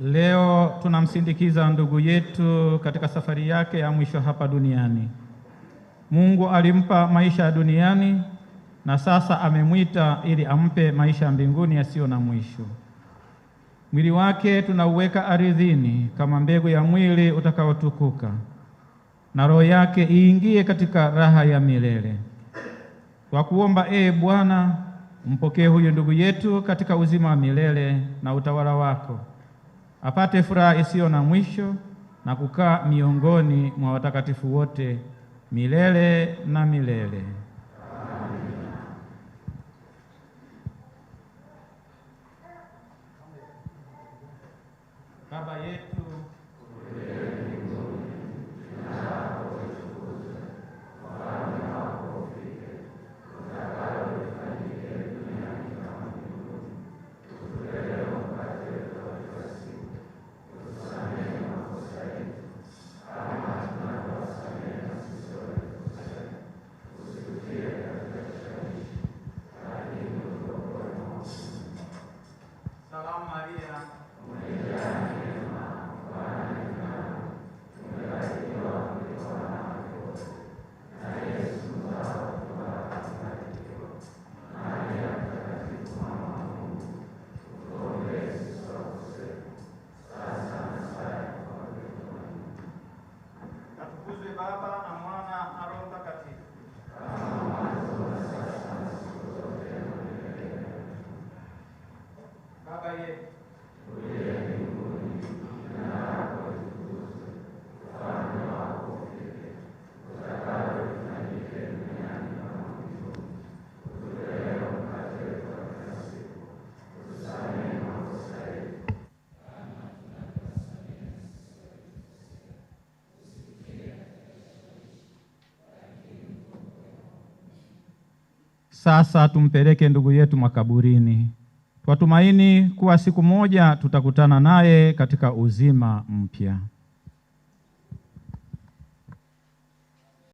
Leo tunamsindikiza ndugu yetu katika safari yake ya mwisho hapa duniani. Mungu alimpa maisha ya duniani na sasa amemwita ili ampe maisha ya mbinguni yasiyo na mwisho. Mwili wake tunauweka ardhini kama mbegu ya mwili utakaotukuka, na roho yake iingie katika raha ya milele. Kwa kuomba, ee Bwana, mpokee huyu ndugu yetu katika uzima wa milele na utawala wako apate furaha isiyo na mwisho na kukaa miongoni mwa watakatifu wote milele na milele. Baba yetu Bapa Sasa tumpeleke ndugu yetu makaburini, twatumaini kuwa siku moja tutakutana naye katika uzima mpya.